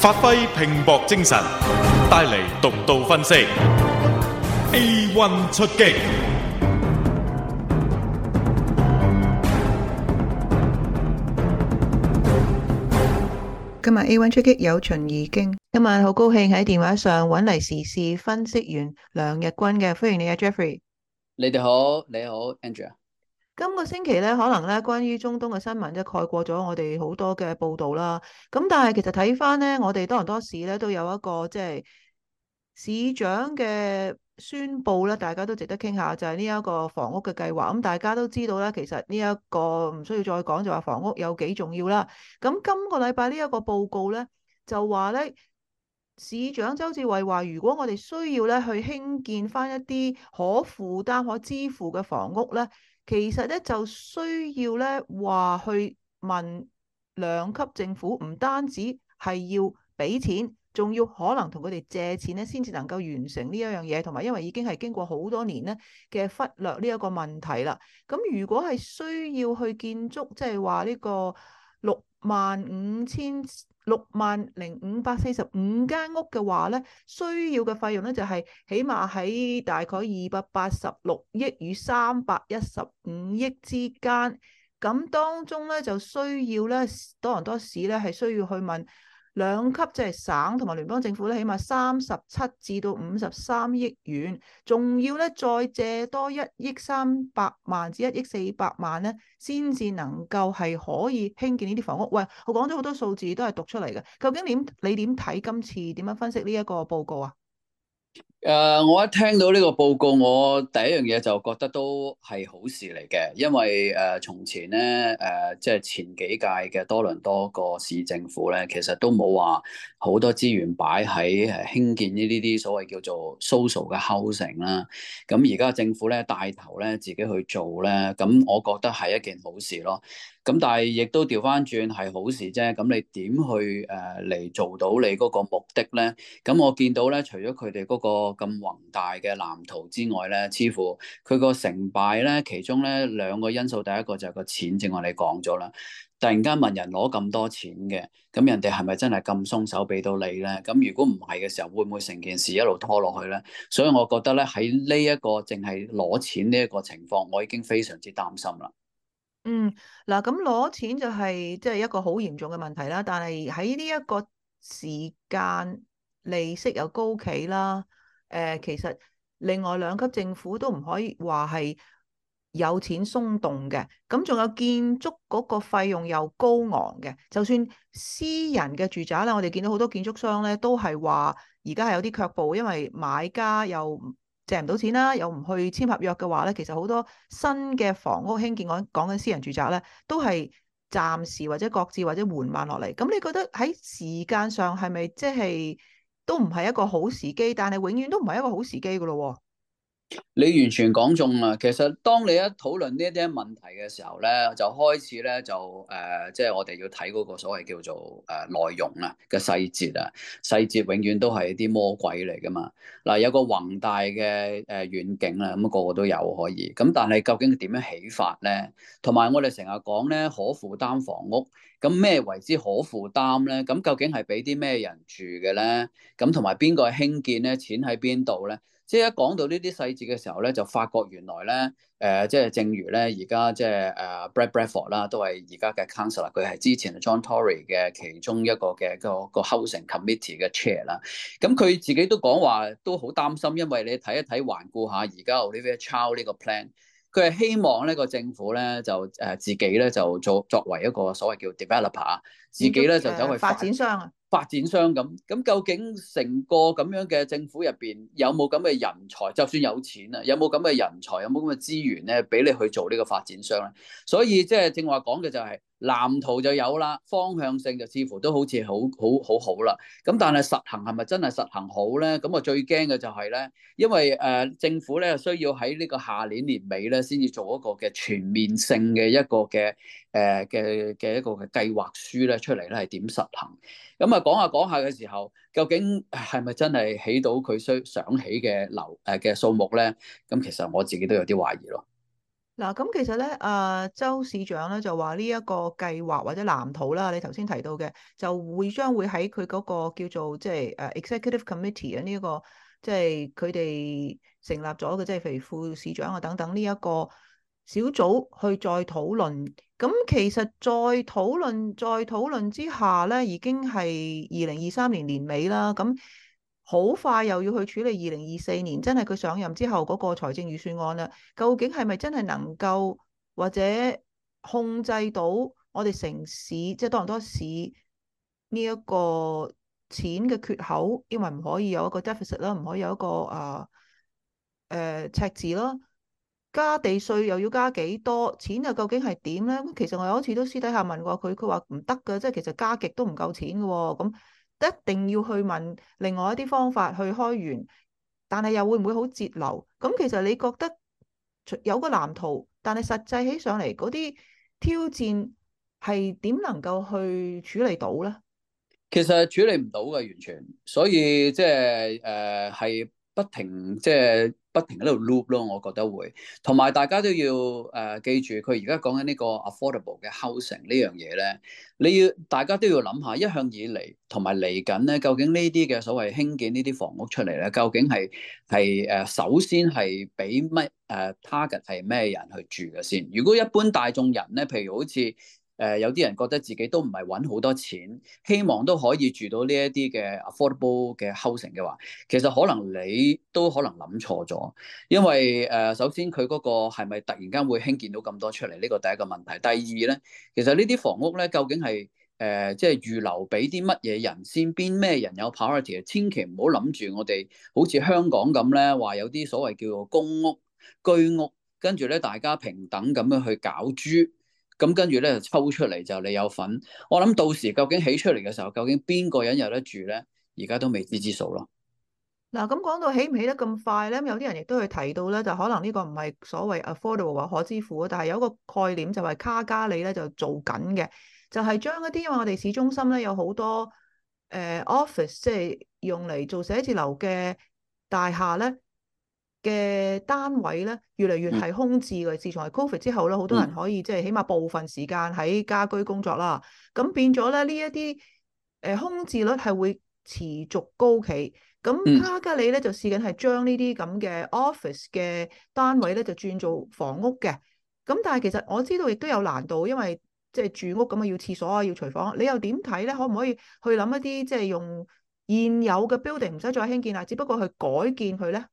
發揮拼搏精神，帶嚟獨到分析。A one 出擊，今日 A one 出擊有秦怡經。今晚好高興喺電話上揾嚟時事分析員梁日君嘅，歡迎你啊，Jeffrey。你哋好，你好，Angela。今個星期咧，可能咧關於中東嘅新聞咧，蓋過咗我哋好多嘅報道啦。咁但係其實睇翻咧，我哋多倫多市咧都有一個即係市長嘅宣佈啦，大家都值得傾下，就係呢一個房屋嘅計劃。咁、嗯、大家都知道咧，其實呢一個唔需要再講，就話、是、房屋有幾重要啦。咁、嗯、今、今個禮拜呢一個報告咧，就話咧市長鄒至蕙話，如果我哋需要咧去興建翻一啲可負擔、可支付嘅房屋咧。其實咧就需要咧話去問兩級政府，唔單止係要俾錢，仲要可能同佢哋借錢咧，先至能夠完成呢一樣嘢。同埋因為已經係經過好多年咧嘅忽略呢一個問題啦。咁如果係需要去建築，即係話呢個綠萬五千六萬零五百四十五間屋嘅話咧，需要嘅費用咧就係起碼喺大概二百八十六億與三百一十五億之間，咁當中咧就需要咧多倫多市咧係需要去問。兩級即係省同埋聯邦政府咧，起碼三十七至到五十三億元，仲要咧再借多一億三百萬至一億四百萬咧，先至能夠係可以興建呢啲房屋。喂，我講咗好多數字都係讀出嚟嘅，究竟點你點睇今次點樣分析呢一個報告啊？誒，uh, 我一聽到呢個報告，我第一樣嘢就覺得都係好事嚟嘅，因為誒、呃、從前咧，誒即係前幾屆嘅多倫多個市政府咧，其實都冇話好多資源擺喺興建呢呢啲所謂叫做 social housing 啦。咁而家政府咧帶頭咧自己去做咧，咁我覺得係一件好事咯。咁但係亦都調翻轉係好事啫。咁你點去誒嚟、呃、做到你嗰個目的咧？咁我見到咧，除咗佢哋嗰個。咁宏大嘅藍圖之外咧，似乎佢個成敗咧，其中咧兩個因素，第一個就係個錢，正我哋講咗啦，突然間問人攞咁多錢嘅，咁人哋係咪真係咁鬆手俾到你咧？咁如果唔係嘅時候，會唔會成件事一路拖落去咧？所以我覺得咧喺呢一個淨係攞錢呢一個情況，我已經非常之擔心啦。嗯，嗱，咁攞錢就係即係一個好嚴重嘅問題啦。但係喺呢一個時間，利息又高企啦。誒，其實另外兩級政府都唔可以話係有錢鬆動嘅，咁仲有建築嗰個費用又高昂嘅。就算私人嘅住宅啦，我哋見到好多建築商咧都係話，而家係有啲卻步，因為買家又借唔到錢啦，又唔去簽合約嘅話咧，其實好多新嘅房屋興建講講緊私人住宅咧，都係暫時或者擱置或者緩慢落嚟。咁你覺得喺時間上係咪即係？都唔係一個好時機，但係永遠都唔係一個好時機噶咯。你完全講中啦，其實當你一討論呢一啲問題嘅時候咧，就開始咧就誒，即、呃、係、就是、我哋要睇嗰個所謂叫做誒內容啊嘅細節啊，細節永遠都係啲魔鬼嚟噶嘛。嗱、呃，有個宏大嘅誒遠景啦，咁、呃、啊個個都有可以，咁但係究竟點樣起法咧？同埋我哋成日講咧可負擔房屋，咁咩為之可負擔咧？咁究竟係俾啲咩人住嘅咧？咁同埋邊個興建咧？錢喺邊度咧？即係一講到呢啲細節嘅時候咧，就發覺原來咧，誒，即係正如咧，而家即係誒，Brad Bradford 啦，都係而家嘅 Councillor，佢係之前 John Tory 嘅其中一個嘅個個 Housing Committee 嘅 Chair 啦。咁佢自己都講話都好擔心，因為你睇一睇環顧下而家 Olivia Chow 呢個 plan，佢係希望呢個政府咧就誒自己咧就做作為一個所謂叫 developer，自己咧就走去發展、嗯、發展商啊。發展商咁，咁究竟成個咁樣嘅政府入邊有冇咁嘅人才？就算有錢啊，有冇咁嘅人才？有冇咁嘅資源咧，俾你去做呢個發展商咧？所以即係正話講嘅就係。藍圖就有啦，方向性就似乎都好似好好好好啦。咁但係實行係咪真係實行好咧？咁我最驚嘅就係、是、咧，因為誒、呃、政府咧需要喺呢個下年年尾咧先至做一個嘅全面性嘅一個嘅誒嘅嘅一個嘅計劃書咧出嚟咧係點實行？咁啊講下講下嘅時候，究竟係咪真係起到佢需想起嘅樓誒嘅數目咧？咁其實我自己都有啲懷疑咯。嗱，咁其實咧，阿、呃、周市長咧就話呢一個計劃或者藍圖啦，你頭先提到嘅，就會將會喺佢嗰個叫做即係誒、啊、Executive Committee 啊呢一個即係佢哋成立咗嘅，即係譬如副市長啊等等呢一個小組去再討論。咁其實再討論再討論之下咧，已經係二零二三年年尾啦。咁好快又要去處理二零二四年，真係佢上任之後嗰個財政預算案啦。究竟係咪真係能夠或者控制到我哋城市，即係多倫多市呢一個錢嘅缺口？因為唔可以有一個 deficit 啦，唔可以有一個啊誒、呃呃、赤字咯。加地稅，又要加幾多錢又究竟係點咧？咁其實我有一次都私底下問過佢，佢話唔得㗎，即係其實加極都唔夠錢嘅喎、哦。咁。一定要去問另外一啲方法去開源，但係又會唔會好節流？咁其實你覺得有個藍圖，但係實際起上嚟嗰啲挑戰係點能夠去處理到咧？其實處理唔到嘅完全，所以即係誒係不停即係，就是不停喺度 loop 咯，我覺得會，同埋大家都要誒、呃、記住，佢而家講緊呢個 affordable 嘅 housing 呢樣嘢咧，你要大家都要諗下，一向以嚟同埋嚟緊咧，究竟呢啲嘅所謂興建呢啲房屋出嚟咧，究竟係係誒首先係俾乜誒、呃、target 係咩人去住嘅先？如果一般大眾人咧，譬如好似。誒、呃、有啲人覺得自己都唔係揾好多錢，希望都可以住到呢一啲嘅 affordable 嘅 housing 嘅話，其實可能你都可能諗錯咗，因為誒、呃、首先佢嗰個係咪突然間會興建到咁多出嚟？呢個第一個問題。第二咧，其實呢啲房屋咧，究竟係誒即係預留俾啲乜嘢人先？邊咩人有 priority？千祈唔好諗住我哋好似香港咁咧，話有啲所謂叫做公屋居屋，跟住咧大家平等咁樣去攪珠。咁跟住咧抽出嚟就你有份，我諗到時究竟起出嚟嘅時候，究竟邊個人有得住咧？而家都未知之數咯。嗱，咁講到起唔起得咁快咧，有啲人亦都會提到咧，就可能呢個唔係所謂 affordable 話可支付，但係有個概念就係卡加里咧就做緊嘅，就係將、就是、一啲因為我哋市中心咧有好多誒、呃、office，即係用嚟做寫字樓嘅大廈咧。嘅單位咧，越嚟越係空置嘅。自從係 Covid 之後咧，好多人可以即係、就是、起碼部分時間喺家居工作啦。咁變咗咧，呢一啲誒空置率係會持續高企。咁卡加里咧就試緊係將呢啲咁嘅 office 嘅單位咧就轉做房屋嘅。咁但係其實我知道亦都有難度，因為即係住屋咁啊，要廁所啊，要廚房。你又點睇咧？可唔可以去諗一啲即係用現有嘅 building 唔使再興建啊？只不過去改建佢咧？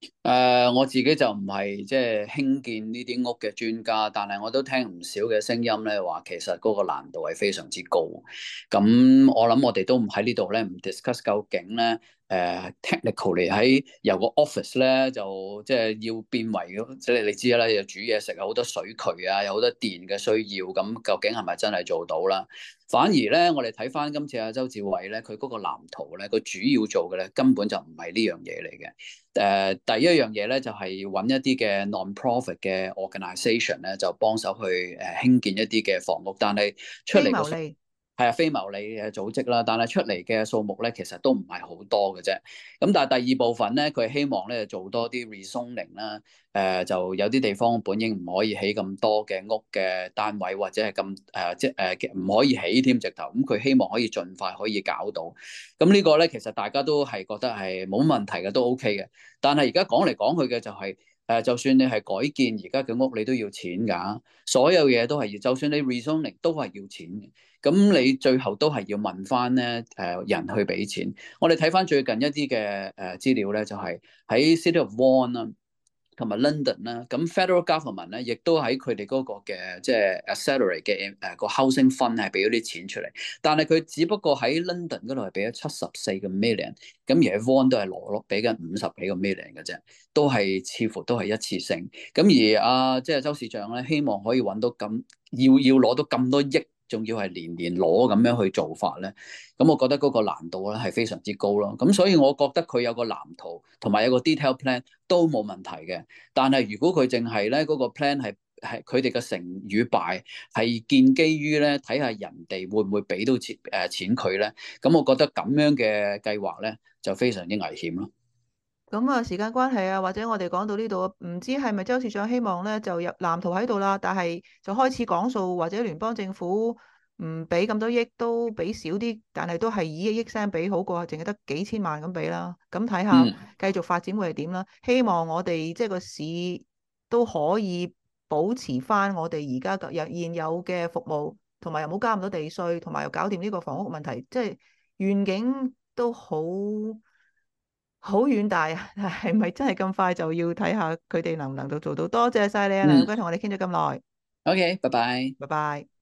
誒，uh, 我自己就唔係即係興建呢啲屋嘅專家，但係我都聽唔少嘅聲音咧，話其實嗰個難度係非常之高的。咁我諗我哋都唔喺呢度咧，唔 discuss 究竟咧。誒、uh, technical 嚟喺由個 office 咧就即係要變為即係你知啦，又煮嘢食啊，好多水渠啊，有好多電嘅需要，咁究竟係咪真係做到啦？反而咧，我哋睇翻今次阿周志偉咧，佢嗰個藍圖咧，佢主要做嘅咧根本就唔係呢樣嘢嚟嘅。誒，第一樣嘢咧就係揾一啲嘅 non-profit 嘅 organisation 咧，就幫手去誒興建一啲嘅房屋，但係出嚟係啊，非牟利嘅組織啦，但係出嚟嘅數目咧，其實都唔係好多嘅啫。咁但係第二部分咧，佢希望咧做多啲 re-zoning 啦，誒、呃、就有啲地方本應唔可以起咁多嘅屋嘅單位，或者係咁誒即係唔、呃、可以起添直頭。咁、呃、佢希望可以盡快可以搞到。咁、嗯這個、呢個咧，其實大家都係覺得係冇問題嘅，都 OK 嘅。但係而家講嚟講去嘅就係、是。誒，uh, 就算你係改建而家嘅屋，你都要錢㗎。所有嘢都係要，就算你 rezoning 都係要錢嘅。咁你最後都係要問翻咧誒人去俾錢。我哋睇翻最近一啲嘅誒資料咧，就係、是、喺 City of Vaughan 啦。同埋 London 啦，咁 on, Federal Government 咧，亦都喺佢哋嗰個嘅即係 accelerate 嘅誒個 housing fund 係俾咗啲錢出嚟，但係佢只不過喺 London 嗰度係俾咗七十四個 million，咁而喺 Vaughan 都係攞咗，俾緊五十幾個 million 嘅啫，都係似乎都係一次性。咁而阿即係周市長咧，希望可以揾到咁要要攞到咁多億。仲要係年年攞咁樣去做法咧，咁我覺得嗰個難度咧係非常之高咯。咁所以我覺得佢有個藍圖同埋有個 detail plan 都冇問題嘅。但係如果佢淨係咧嗰個 plan 係係佢哋嘅成與敗係建基於咧睇下人哋會唔會俾到錢誒、呃、錢佢咧，咁我覺得咁樣嘅計劃咧就非常之危險咯。咁啊、嗯，時間關係啊，或者我哋講到呢度，唔知係咪周市長希望咧就入藍圖喺度啦，但係就開始講數，或者聯邦政府唔俾咁多億，都俾少啲，但係都係以億聲俾好過，淨係得幾千萬咁俾啦。咁睇下繼續發展會係點啦？希望我哋、嗯、即係個市都可以保持翻我哋而家嘅現有嘅服務，同埋又冇加唔到地稅，同埋又搞掂呢個房屋問題，即係願景都好。好遠大啊！係咪真係咁快就要睇下佢哋能唔能夠做到？多謝晒你啊，梁君同我哋傾咗咁耐。OK，拜拜，拜拜。